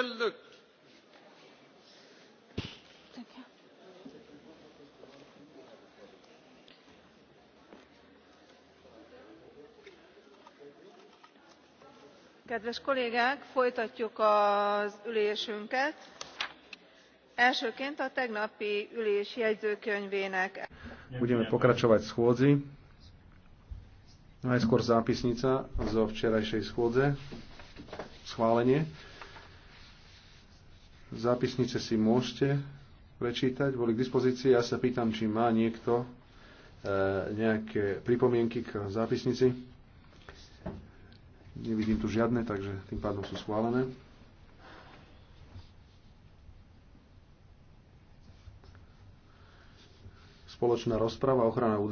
el kedves kollégák folytatjuk az ülésünket. elsőként a tegnapi ülés jegyzőkönyvének. budeme pokračovať schôdzi. najskôr zápisnica zo včerajšej schôdze schválenie. Zápisnice si môžete prečítať, boli k dispozícii. Ja sa pýtam, či má niekto e, nejaké pripomienky k zápisnici. Nevidím tu žiadne, takže tým pádom sú schválené. Spoločná rozprava, ochrana údajov.